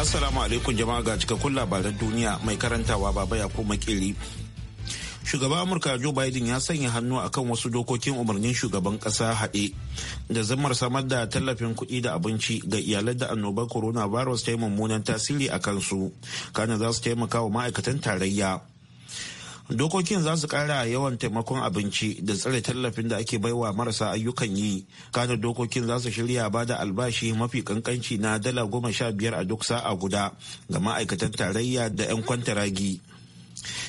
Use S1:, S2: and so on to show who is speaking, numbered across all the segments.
S1: Assalamu alaikum jama'a ga cikakkun labaran duniya mai karantawa baba ya ko makili. Shugaban Amurka Joe Biden ya sanya hannu akan wasu dokokin umarnin shugaban kasa haɗe da zammar samar da tallafin kuɗi da abinci ga iyalai da annobar coronavirus ta yi mummunan tasiri a kansu. Kana za su taimaka wa ma'aikatan tarayya. dokokin za su kara yawan taimakon abinci da tsare tallafin da ake baiwa marasa ayyukan yi kana dokokin za su shirya ba da albashi mafi kankanci na dala goma sha biyar a duk sa'a guda ga ma'aikatan tarayya da 'yan kwantaragi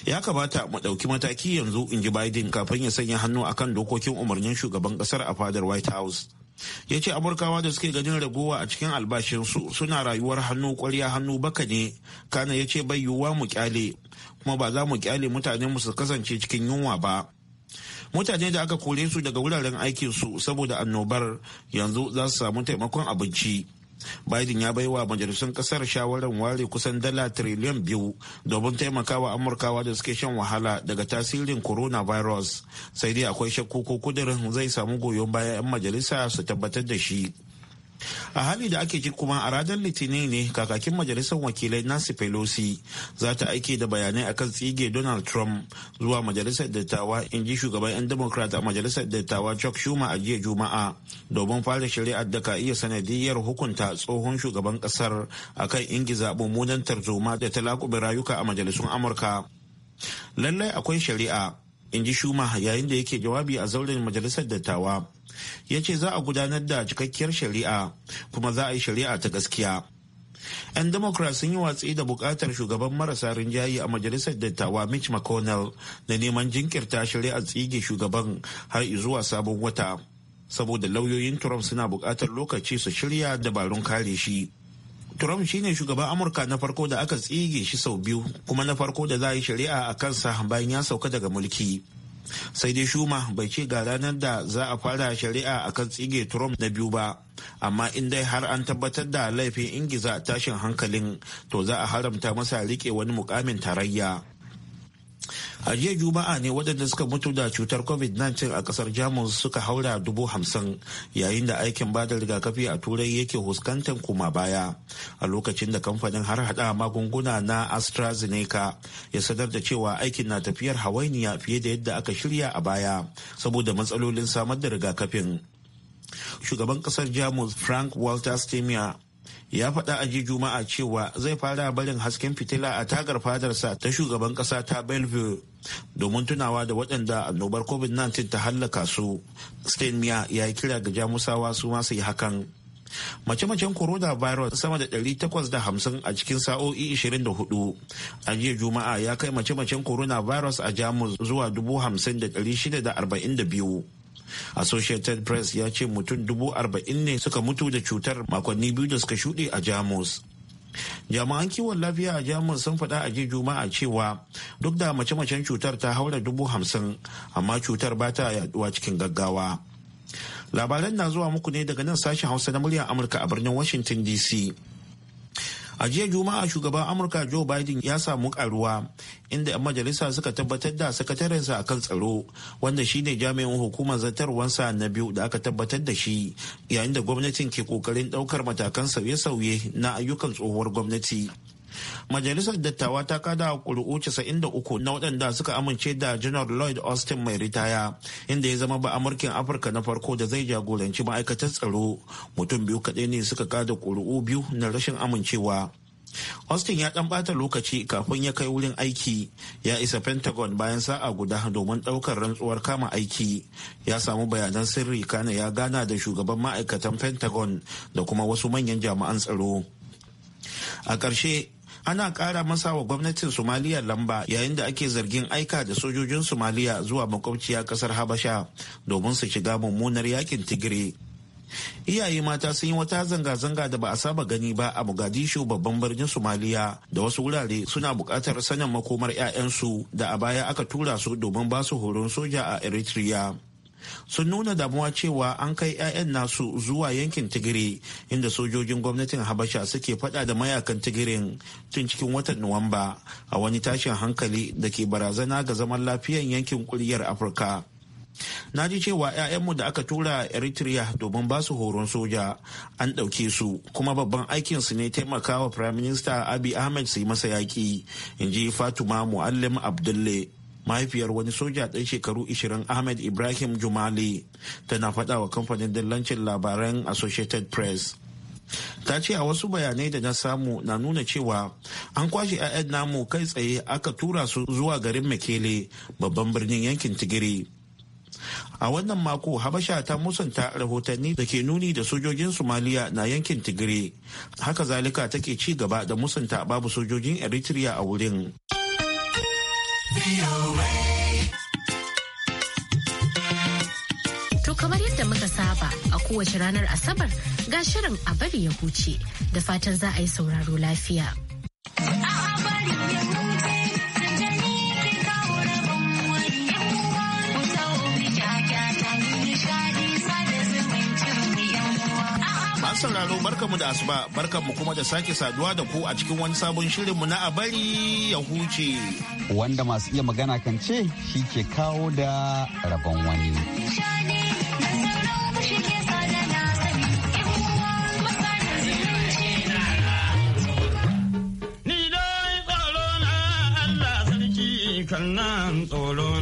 S1: ya kamata mu ɗauki mataki yanzu in ji biden kafin ya sanya hannu akan dokokin umarnin shugaban ƙasar a fadar white house ya ce amurkawa da suke ganin ragowa a cikin albashinsu suna rayuwar hannu kwarya hannu baka ne kana ya ce bai yiwuwa mu kyale kuma ba za mu kyale mutane mu su kasance cikin yunwa ba mutane da aka kore su daga wuraren aikin su saboda annobar yanzu za su samu taimakon abinci biden ya bai wa majalisun kasar shawarar ware kusan dala triliyan biyu domin taimakawa amurkawa da suke shan wahala daga tasirin coronavirus sai dai akwai shakku ko kudirin zai samu goyon bayan 'yan majalisa su tabbatar da shi a hali da ake ji kuma a ranar litinin ne kakakin majalisar wakilai nancy pelosi za ta aike da bayanai akan tsige donald trump zuwa majalisar dattawa in ji shugaban 'yan democrat a majalisar dattawa chuck schumer a jiya juma'a domin fara shari'ar da ka iya sanadiyar hukunta tsohon shugaban kasar akan ingiza mummunan tarzoma da ta rayuka a majalisun amurka lallai akwai shari'a in ji shuma yayin da yake jawabi a zauren majalisar dattawa ya ce za a gudanar da cikakkiyar shari'a kuma za a yi shari'a ta gaskiya 'yan democrat sun yi watsi da bukatar shugaban marasa rinjaye a majalisar dattawa mitch mcconnell da neman jinkirta shari'ar tsige shugaban har zuwa sabon wata saboda lauyoyin trump suna bukatar lokaci su shirya dabarun kare shi trump shine shugaban amurka na farko da aka tsige shi sau biyu kuma na farko da za a yi shari'a a kansa bayan ya sauka daga mulki sai dai shuma bai ce ga ranar da za a fara shari'a akan tsige trump na biyu ba amma in dai har an tabbatar da laifin ingiza tashin hankalin to za a haramta masa rike wani mukamin tarayya a jiya juma'a ne waɗanda suka mutu da cutar covid-19 a kasar jamus suka haura dubu hamsin yayin da aikin ba da rigakafi a turai yake huskantar kuma baya a lokacin da kamfanin har hada magunguna na astrazeneca ya sanar da cewa aikin na tafiyar hawainiya fiye da yadda aka shirya a baya saboda matsalolin samar da rigakafin shugaban ƙasar jamus frank walter stemier ya faɗa a juma'a cewa zai fara barin hasken fitila a tagar fadarsa ta shugaban ƙasa ta bellevue domin tunawa da waɗanda annobar covid-19 ta hallaka su steinmeier ya yi kira ga jamusawa su masu yi hakan mace-macen coronavirus sama da 850 a cikin sa'o'i 24 a jiya juma'a ya kai mace-macen coronavirus a jamus zuwa 50,642 associated press ya ce mutum dubu arba'in ne suka mutu da cutar makonni biyu da suka shuɗe a jamus jami'an kiwon lafiya a jamus sun faɗa a ji juma'a cewa duk da mace-macen cutar ta haura dubu hamsin amma cutar ba ta yaduwa cikin gaggawa labaran na zuwa muku ne daga nan sashen hausa na muryar amurka a birnin washington dc A jiya Juma'a shugaban Amurka Joe Biden ya samu karuwa inda 'yan majalisa suka tabbatar da sakatarensa kan tsaro wanda shine jami'in hukumar zartarwansa na biyu da aka tabbatar da shi yayin da gwamnatin ke kokarin daukar matakan sauye-sauye na ayyukan tsohuwar gwamnati. Majalisar Dattawa ta kada ƙuri'u 93 na waɗanda suka amince da general Lloyd Austin mai ritaya, inda ya zama ba Amurkin Afirka na farko da zai jagoranci ma'aikatar tsaro. Mutum biyu kaɗai ne suka kada kuri'u biyu na rashin amincewa. austin ya dan bata lokaci kafin ya kai wurin aiki ya isa pentagon bayan sa'a guda domin daukar rantsuwar kama aiki ya samu bayanan sirri kana ya gana da shugaban ma'aikatan pentagon da kuma wasu manyan jami'an tsaro a ƙarshe ana ƙara masa wa gwamnatin somaliya lamba yayin da ake zargin aika da sojojin somaliya zuwa makwabciya ƙasar habasha domin su shiga mummunar yakin tigire iyaye mata sun yi wata zanga-zanga da ba a saba gani ba a mogadishu babban birnin somaliya da wasu wurare suna buƙatar sanin makomar 'ya'yansu da a baya aka tura su domin ba su horon soja a eritrea sun nuna damuwa cewa an kai 'ya'yan nasu zuwa yankin tigiri inda sojojin gwamnatin habasha suke fada da mayakan tigirin tun cikin watan nuwamba a wani tashin hankali da ke barazana ga zaman lafiyan yankin kuryar afirka na ji cewa 'ya'yanmu da aka tura eritrea domin ba su horon soja an ɗauke su kuma babban aikinsu ne taimakawa prime minister abi ahmed su yi masa yaƙi in ji fatima muallim abdulle mahaifiyar wani soja ɗan shekaru 20 ahmed ibrahim jumali tana faɗa wa kamfanin dillancin labaran associated press ta ce a wasu bayanai da na samu na nuna cewa an kwashe 'ya'yan namu kai tsaye aka tura su zuwa garin makele babban birnin yankin tigiri a wannan mako habasha ta musanta rahotanni da ke nuni da sojojin somaliya na yankin tigray haka zalika take ci gaba da musanta babu sojojin eritrea a wurin
S2: To kamar yadda muka saba a kowace ranar Asabar ga shirin a bari ya huce da fatan za a yi sauraro lafiya. A bari ya huce.
S1: Masu sauraro barkamu da asuba barkamu kuma da sake saduwa da ku a cikin wani sabon shirinmu na
S3: abari ya huce. Wanda masu iya magana kan ce shi ke kawo da rabon wani.
S4: kan tsoro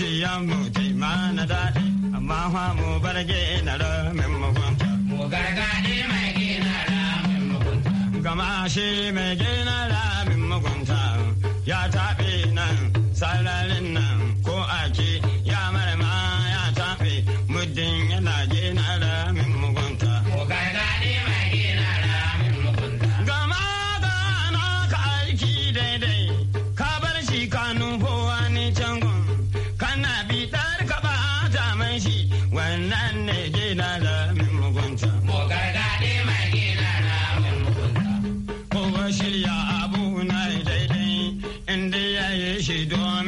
S4: zuciyanmu ma mana daɗi amma fa mu bar gina ramin mugunta. Mu gargaɗi mai gina mu mugunta. Gama shi mai gina mu mugunta ya tafi nan sararin nan ko ake ya marama ya taɓe muddin yana shaidan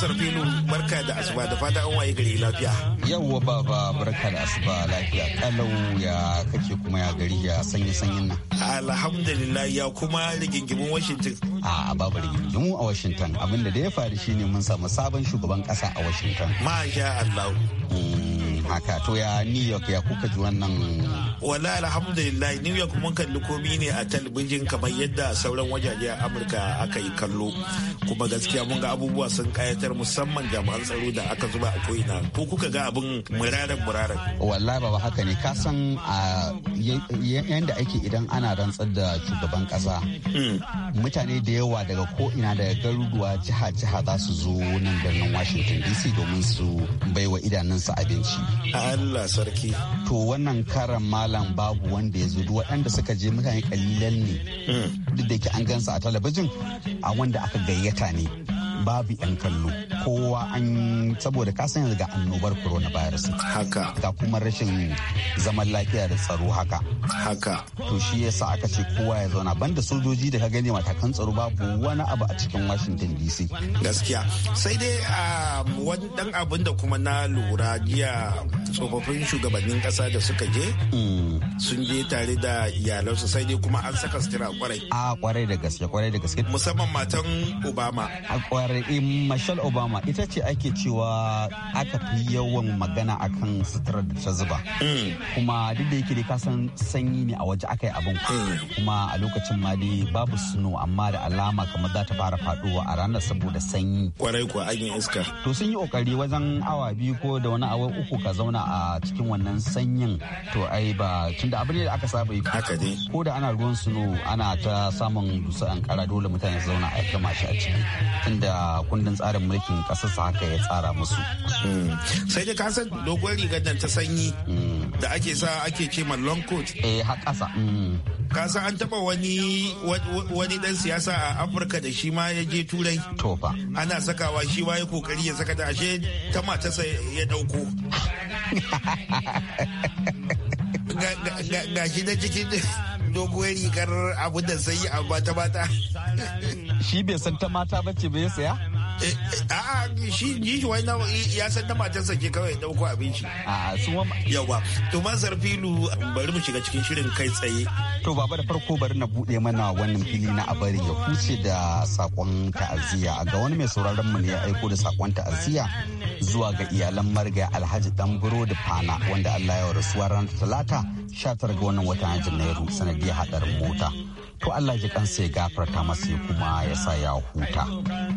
S3: sarfilu barka da asuba da fata an waye gari lafiya yawwa baba barka da asuba lafiya kalau ya kake kuma ya gari ya sanyi sanyin nan alhamdulillah ya kuma rigingimin washington a babu rigingimu a washington abinda da ya faru shine mun samu sabon shugaban kasa a washington masha allah mm. haka to ya new york ya kuka ji wannan wallahi alhamdulillah new york mun kalli komi ne a
S1: talabijin kamar yadda sauran wajaje a amurka aka yi kallo kuma gaskiya mun ga abubuwa sun kayatar musamman jami'an tsaro da aka zuba a ko'ina ko kuka ga abin muraran muraran
S3: wallahi baba haka ne ka san a yanda ake idan ana rantsar da shugaban kasa hmm. mutane da yawa daga ko'ina daga garuruwa jiha-jiha za su zo nan birnin washington dc domin su baiwa idanunsa abinci Allah sarki. To wannan karan malam babu wanda ya zo duk waɗanda suka je mutane kalilan ne. Hmm. Duk da yake an gansa a talabijin a wanda aka gayyata ne. babu 'yan kallo kowa an saboda ka san yanzu ga annobar coronavirus haka ga kuma rashin zaman lafiya da tsaro haka haka to shi yasa aka ce kowa ya zauna banda sojoji da ka gani matakan tsaro babu wani abu a cikin washington dc gaskiya
S1: sai dai ah, wani dan abin da kuma na lura jiya tsofaffin shugabannin kasa da suka je sun je tare da iyalansu sai dai kuma an saka
S3: sutura kwarai a kwarai da gaske kwarai da gaske musamman matan obama a kwarai eh, michelle obama ita ce ake cewa aka fi yawan magana akan sutura da ta zuba mm. kuma duk da yake ka san sanyi ne a waje aka yi abin mm. kuma a lokacin ma dai babu suno amma da alama kamar za ta fara faduwa a ranar saboda sanyi
S1: kwarai kuwa an yi iska
S3: to sun yi kokari wajen awa biyu ko da wani awa uku ka zauna zauna a cikin wannan sanyin to ai ba tunda abu ne da aka saba yi haka ne ko da ana ruwan suno ana ta samun dusa an kara dole mutane su zauna a kama shi a ciki tunda kundin tsarin mulkin kasar sa haka ya tsara musu hmm.
S1: sai dai ka san doguwar rigar ta sanyi hmm. da ake sa ake ce ma long coat eh har kasa hmm. ka san an taba wani wani dan siyasa a Afirka da shi ma ya je turai to fa ana sakawa shi ma ya kokari ya saka da ashe ta matarsa ya dauko ga shi da cikin doguwar rigar abu da sai a mata mata shi bai san ta mata bace bai saya eh, eh, a'a shi ji shi wani ya san ta matarsa ke kawai dauko abinci a su wa yawa to mazar filu bari mu shiga cikin shirin kai tsaye
S3: to baba da farko bari na bude mana wannan fili na abari ya huce da sakon ta'aziyya ga wani mai sauraron mu ne ya aiko da sakon ta'aziyya zuwa ga iyalan marga alhaji dan da fana wanda allah ya rasuwa ranar talata 19 ga wannan wata na janairu sanadiyar hadarin mota to allah ji kansa ya gafarta masa ya kuma ya sa ya huta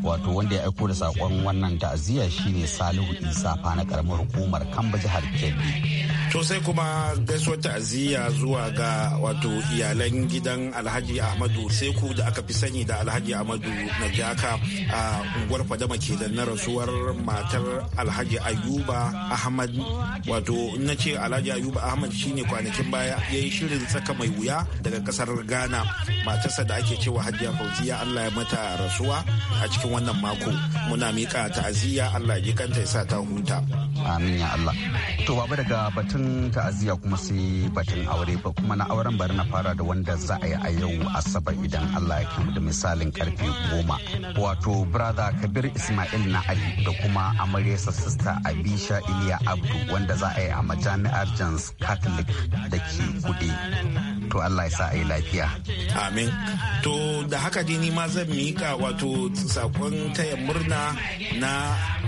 S3: wato wanda ya aiko da saƙon wannan ta'aziyya shine salihu isa fana karamar hukumar kamba jihar kebbi to sai kuma gaisuwar ta'aziyya zuwa ga wato iyalan gidan alhaji
S1: ahmadu seku da aka fi sani da alhaji ahmadu na jaka a unguwar fadama da na rasuwar matar alhaji ayuba ahmad wato na ce alhaji ayuba ahmad shine kwanakin baya ya yi shirin tsaka mai wuya daga kasar ghana matarsa da ake cewa hajiya fauziya allah ya mata rasuwa a cikin wannan mako muna
S3: miƙa ta'aziyya allah ya kanta ya sa ta huta amin ya Allah to babu daga batun ta'aziyya kuma sai batun aure ba kuma na auren bari na fara da wanda za a yi a yau asabar idan Allah ya kama da misalin karfe goma wato brother kabir ismail na ali da kuma amaryarsa sista abisha iliya abdu wanda za a yi a majami'ar jans catholic da ke kude to Allah ya sa a yi lafiya.
S1: Amin. To da haka dai ni ma zan mika wato sakon taya murna na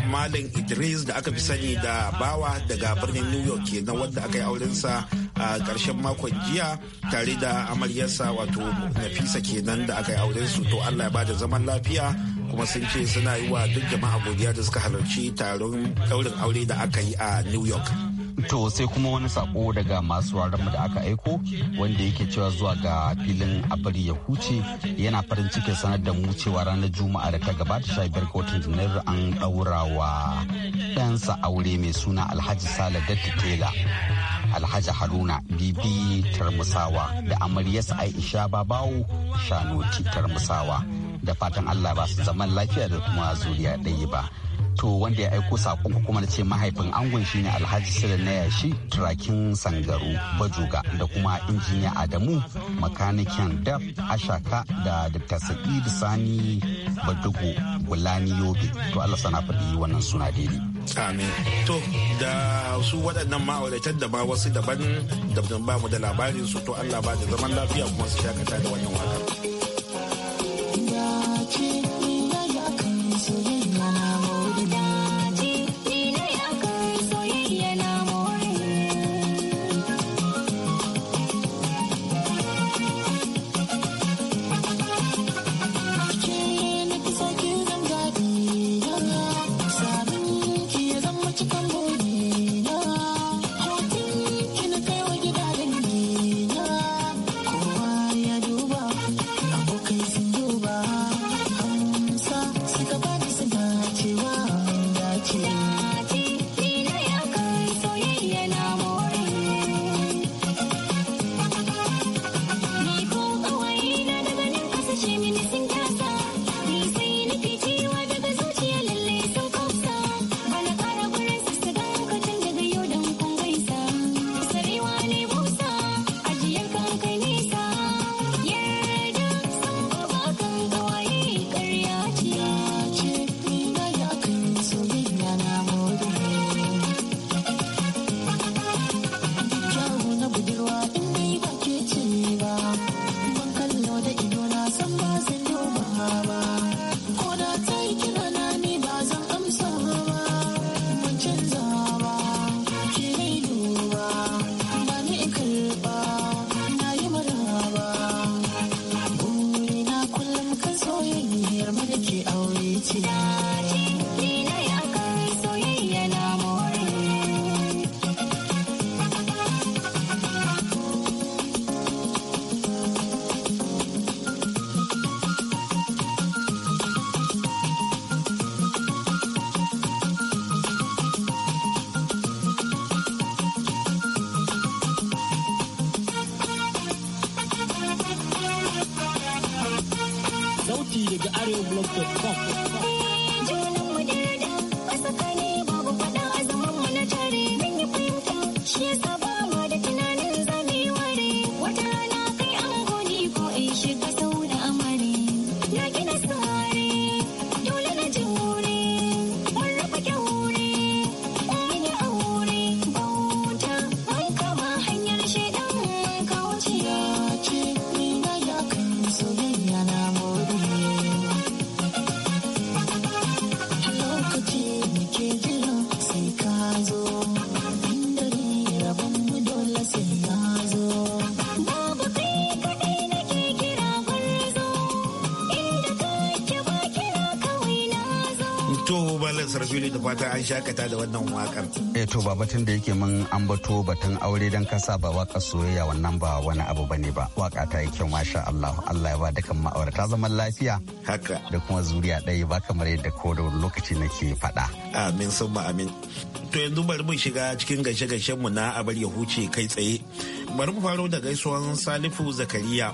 S1: malin Idris da aka fi sani da bawa daga birnin New York kenan na wadda aka yi aurensa a karshen makon jiya tare da amaryarsa wato Nafisa kenan da aka yi aurensu to Allah ya bada zaman lafiya kuma sun ce suna yi wa duk jama'a godiya da suka halarci taron daurin aure da aka yi a New York.
S3: to sai kuma wani sako daga masu mu da aka aiko wanda yake cewa zuwa ga filin abari ya huce yana farin cikin sanar da mu cewa ranar juma'a da ta gabata sha biyar ga watan janairu an daura wa ɗansa aure mai suna alhaji sale datti tela alhaji haruna bibi tarmusawa da amaryarsa aisha babawo shanoti tarmusawa da fatan Allah ba su zaman lafiya da kuma zuriya ɗaya ba. To wanda ya aiko saƙon kuma na ce mahaifin angon shi ne Alhaji Sirri na yashi turakin sangaru bajuga da kuma injiniya Adamu makanikin daf ashaka da Dr. Sa'id Sani Badugu Gulani Yobe. To Allah sana faɗi wannan suna daidai.
S1: Amin. To da su waɗannan ma'auratar da ma wasu daban da ba mu da labarin su to Allah ba da zaman lafiya kuma su shakata da wannan waƙar. fili da fata an shakata da wannan wakan.
S3: Eh to ba batun da yake min an bato batun aure dan kasa ba wakar soyayya wannan ba wani abu bane ba. Waka ta yi kyau masha Allah. Allah ya ba da ma'aurata zaman lafiya. Haka. Da kuma zuriya ɗaya ba kamar yadda ko da lokaci nake faɗa. Amin sun ma amin.
S1: To yanzu bari mu shiga cikin gaishe-gaishen mu na abar ya huce kai tsaye. Bari mu faro da gaisuwan Salifu Zakariya.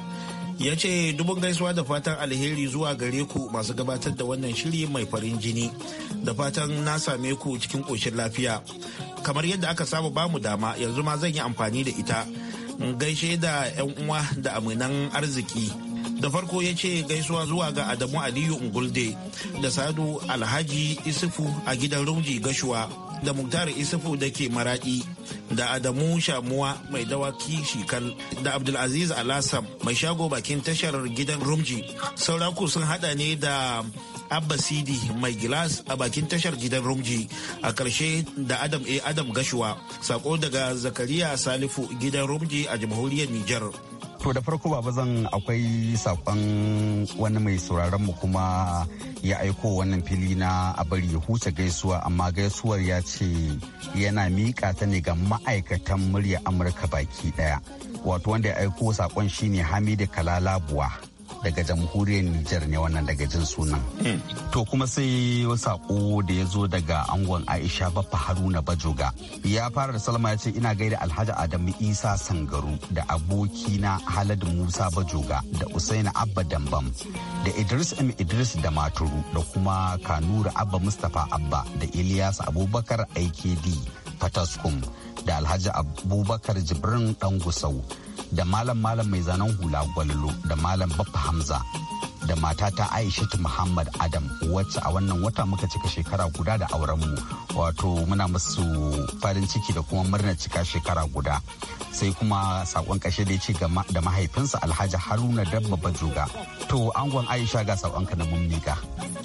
S1: ya ce dubun gaisuwa da fatan alheri zuwa gare ku masu gabatar da wannan shiri mai farin jini da fatan na same ku cikin ƙoshin lafiya kamar yadda aka saba bamu dama yanzu ma zan yi amfani da ita gaishe da 'yan uwa da aminan arziki da farko ya ce gaisuwa zuwa ga adamu aliyu ungulde da sadu alhaji isufu a gidan rumji gashuwa da muktar isufu da ke maraɗi da adamu shamuwa mai dawaki shikal da abdulaziz alasam mai shago bakin tashar gidan rumji sauraku sun hada ne da abba sidi mai gilas a bakin tashar gidan rumji a karshe da adam a adam gashuwa sako daga zakariya salifu gidan rumji a jamhuriyar nijar.
S3: To da farko baba zan akwai sakon wani mai sauraron mu kuma ya aiko wannan fili na a bari ya huce gaisuwa amma gaisuwar ya ce yana miƙa ta ne ga ma'aikatan murya Amurka baki ɗaya. Wato wanda ya aiko sakon shine Hamidu Kalalabuwa. daga jamhuriyar Nijar ne wannan daga jin sunan. Hmm. To kuma sai sako da ya zo daga angon Aisha Baffa Haruna Bajoga. Ya fara da Salma ya ce ina gaida Alhaji Adamu Isa Sangaru da abokina Haladu Musa Bajoga da Usaina Abba Dambam da Idris M Idris da Maturu da kuma Kanura Abba Mustapha Abba da Ilyas Abubakar AKD. fataskum da alhaji abubakar jibrin dan gusau da malam malam mai zanen hula gwallo da malam baffa hamza da matata aishatu muhammad adam wacce a wannan wata muka cika shekara guda da aurenmu wato muna musu farin ciki da kuma murnar cika shekara guda sai kuma sakon kashe da ya ce da mahaifinsa alhaji haruna dabba bajoga to angon aisha ga sakonka na mun miƙa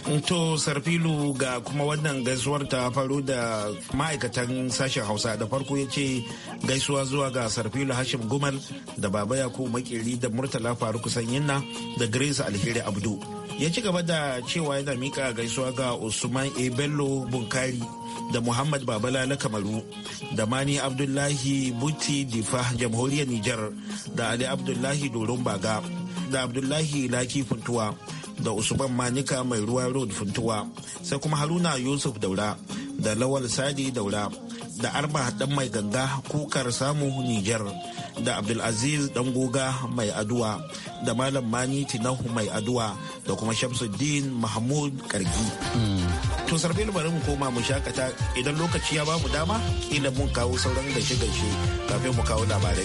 S1: To Sarfilu ga kuma wannan gaisuwar ta faru da ma'aikatan sashen Hausa da farko ya ce gaisuwa zuwa ga Sarfilu Hashim Gumal da Baba Yakubu Makeri da Murtala faruk Sanyinna da Grace Alheri Abdu. Ya ci gaba da cewa yana mika gaisuwa ga Usman E. Bello Bunkari da Muhammad Babalala Kamaru da Mani Abdullahi Buti Difa Jamhuriyar Nijar da Ali Abdullahi Doron Baga da Abdullahi Laki Funtuwa. da usman manika mai ruwa road funtuwa sai kuma haruna yusuf daura da lawal sadi daura da arba dan mai ganga kukar samu nijar da abdulaziz dan goga mai aduwa da malam mani tinahu mai aduwa da kuma shamsuddin mahmud kargi to sarfe bari mu koma mu shakata idan lokaci ya ba mu dama idan mun kawo sauran gaishe-gaishe kafin mu kawo labarai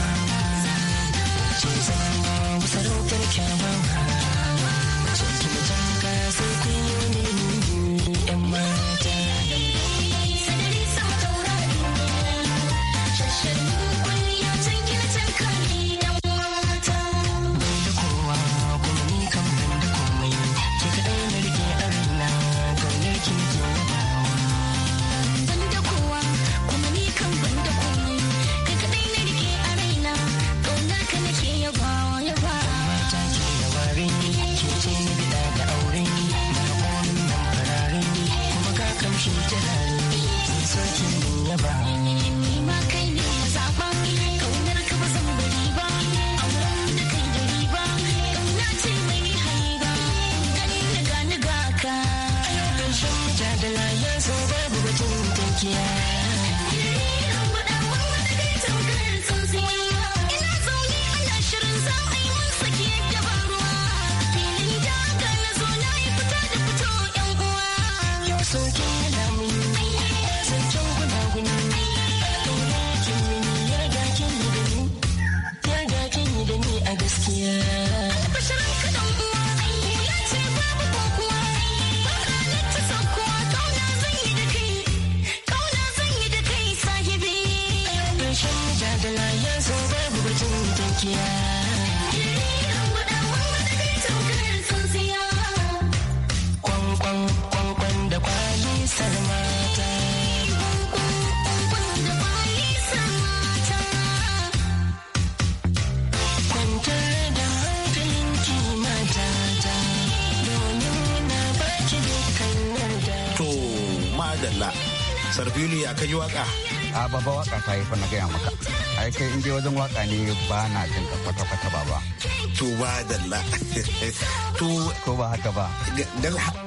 S2: sarautar kyawawa
S3: madalla sarfili ya kai waka a baba waka ta yi fana gaya maka ai kai in je wajen waka ne ba na jin ka kwata kwata baba to ba dalla to ba haka ba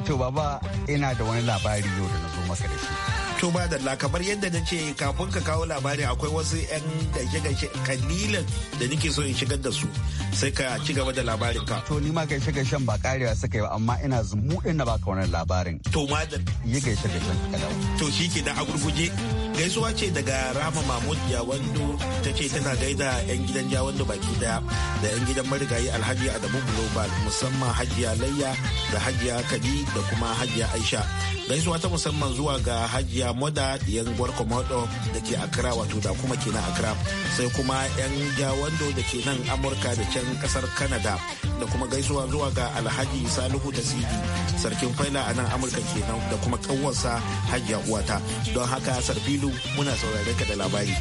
S3: to baba ina da wani labari yau da na zo maka
S1: da shi To ba da kamar yadda na ce kafin ka kawo labari akwai wasu 'yan gaishe-gaishe kalilan da nake so in shigar da su sai ka ci gaba da labarin ka.
S3: To ni ma gaishe-gaishen ba karewa suka yi ba amma ina zumuɗin na baka wannan labarin. To ma da. Yi gaishe-gaishen ka dawo.
S1: To shi ke da a gurguje. gaisuwa ce daga rama mahmud jawando ta ce tana gaida 'yan gidan jawando baki daya da 'yan gidan marigayi alhaji adamu global musamman hajiya layya da hajiya kadi da kuma hajiya aisha gaisuwa ta musamman zuwa ga hajiya moda yan gwarkomodo da ke akra wato da kuma kenan akra sai kuma 'yan jawando da ke nan amurka da can kasar canada da kuma gaisuwa zuwa ga alhaji salihu da sidi sarkin faila a nan amurka kenan da kuma kawansa hajiya uwata don haka sarfilo Bello muna saurare ka da labari.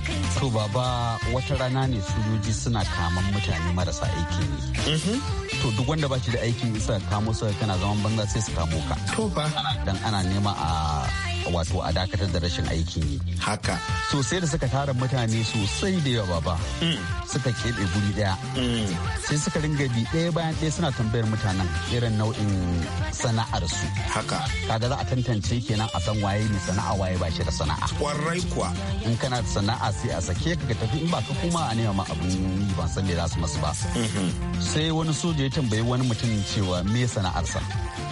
S3: To baba wata rana ne sojoji suna kaman mutane marasa aiki ne. Mhm. To duk wanda ba shi da aikin isa kamo su kana zaman banza sai su kamo ka. To Dan ana nema a wato a dakatar da rashin aiki. yi haka sosai da suka tara mutane sosai da yawa ba mm. suka keɓe guri ɗaya mm. sai suka ringa bi ɗaya bayan ɗaya suna tambayar mutanen irin nau'in sana'ar su haka kaga za a tantance kenan a san waye ne sana'a waye ba shi da sana'a kwarai kuwa in kana da sana'a sai a sake ka ka tafi in ba ka kuma a nema ma abin yi ban san me za su masu ba mm-hmm. sai wani soja ya tambayi wani mutum cewa me sana'arsa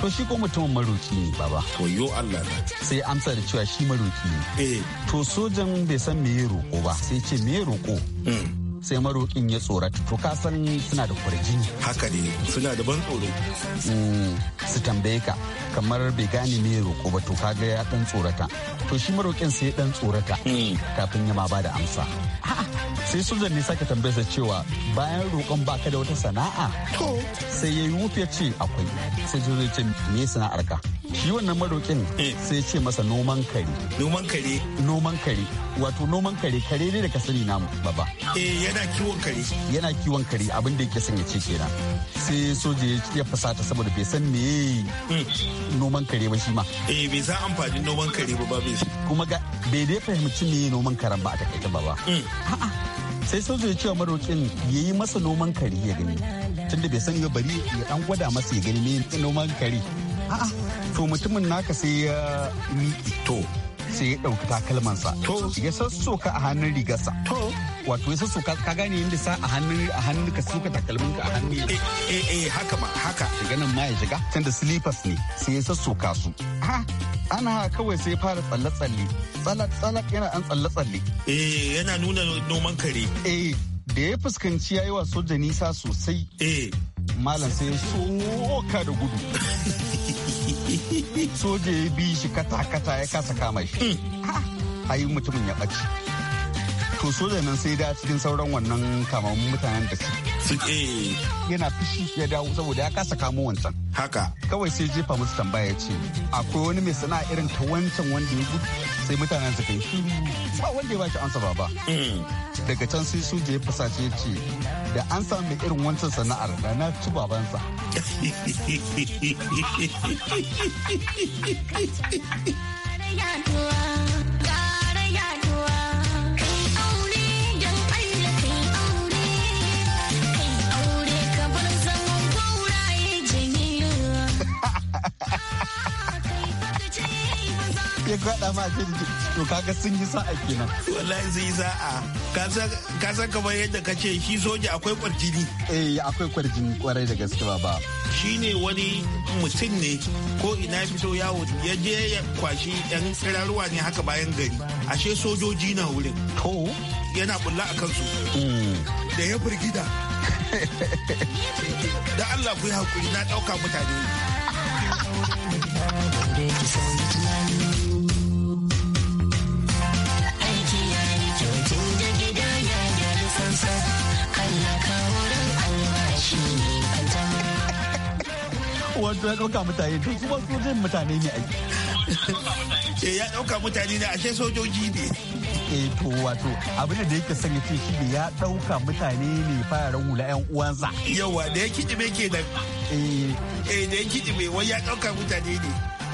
S3: to shi ko mutumin maroki ne baba to yo Allah sai an amsa da cewa shi maroki ne eh. to sojan bai san me ya roko ba sai ce me ya roko. Hmm. sai marokin ya tsorata to ka san suna da kwarjini haka ne suna da ban tsoro hmm, su tambaye ka kamar bai gane me roko ba to kaga ya dan tsorata to shi marokin sai ya dan tsorata hmm. kafin ya ma ba da amsa sai sojan ne sake tambayarsa cewa bayan roƙon baka da wata sana'a sai ya yi ya ce akwai sai sojan ce me sana'ar ka shi wannan marokin eh. sai ce masa noman kare noman kare noman kare wato noman kare kare ne da ka sani namu baba eh yana kiwon kare yana kiwon kare abin da yake son ya ce kenan sai soja ya fasata saboda bai san me hmm. noman kare ba shi ma eh bai san amfanin noman kare ba ba bai kuma ga bai dai fahimci me noman karen ba a takaice ba ba hmm. sai soja ya ce wa ya yayi masa noman kare ya gani tunda bai san ya bari ya dan gwada masa ya gani me noman kare to mutumin naka sai ya miƙe to sai ya ɗauki takalmansa to ya sassoka a hannun rigarsa to wato ya sassoka ka gane yadda sa a hannun a hannun ka soka takalmin ka a hannun eh, eh eh haka ma haka shiga nan ma ya shiga tunda slippers ne sai ya sassoka su ha ana kawai sai fara tsalle-tsalle tsala-tsala yana an tsalle-tsalle eh yana nuna noman kare eh da ya fuskanci yayi wa soja nisa sosai eh malam sai ya soka da gudu soja ya bi shi kata-kata ya kasa kama shi. Hmm. Ayi mutumin ya ɓace. to da nan sai da cikin sauran wannan kamamun mutanen da su yana fushi ya dawo saboda ya kasa kamo wancan haka kawai sai jefa musu tambaya ya ce akwai wani mai sana'a irin ta wancan wanda ya gudu sai mutanen su kai shi ba wanda ya ba shi ansa baba hmm. daga can sai su je ya ce da an samu irin wancan sana'ar da na ci babansa
S2: Yeah.
S3: ya kwada ma ke to kaga sun yi sa'a kenan wallahi sun yi sa'a ka san kamar yadda ka ce shi soja akwai kwarjini eh akwai kwarjini kwarai da gaske ba Shi ne
S1: wani mutum ne ko ina fito yawo ya je ya kwashi yan tsirarwa ne haka bayan gari ashe sojoji na wurin to yana bulla a kansu hmm. da ya firgida da Allah ku yi hakuri na dauka
S2: mutane
S3: wato ya dauka mutane to kuma sojin mutane ne aiki.
S4: Eh, ya dauka
S1: mutane ne ashe sojoji ne.
S3: Eh to wato abin da yake son ya ce shi ne ya dauka mutane ne fararen hula 'yan uwansa. Yawa da
S1: ya kiɗi me ke da Eh, eh da ya kiɗi mai wai ya ɗauka mutane ne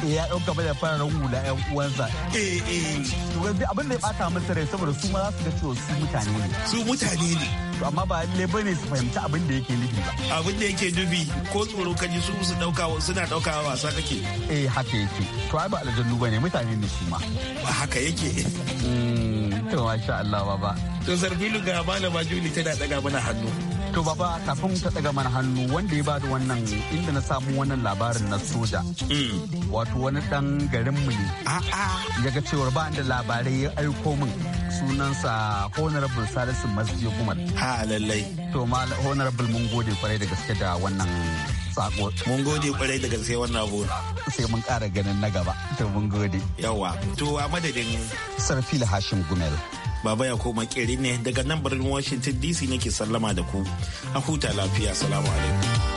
S3: E, ya ɗauka ba da fara hula ƴan uwansa E, e. abin da ya bata masa rai saboda su ma za su ga cewa su mutane ne su mutane ne amma ba lalle bane su fahimci abin da yake nufi
S1: ba abin da yake nufi ko tsoro ka ji su su ɗauka suna dauka wasa kake
S3: eh haka yake to ai ba aljannu bane mutane ne su ma
S1: ba haka yake hmm, to masha Allah baba to zarfilu ga malama Juli
S3: tana daga mana hannu To baba kafin ta daga mana hannu wanda ya bada wannan inda na samu wannan labarin na soja. Mm. Wato wani dan garin mu ne. Ya ga cewar ba da labarai ya aiko min sunansa Honorable Salisu Masjid Umar. Ha lallai. To ma Honorable mun gode kwarai da gaske da wannan sako. Mun gode kwarai da gaske wannan abu. Sai mun kara ganin na gaba. To mun gode. Yawa. To a madadin. Sarfila Hashim Gumel.
S1: Baba ya koma ne daga nan birnin Washington DC nake sallama da ku. A huta lafiya. Salamu alaikum.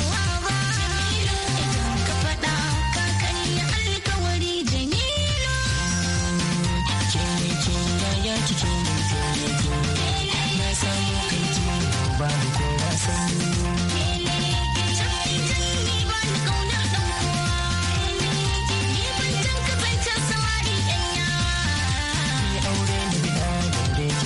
S2: ku.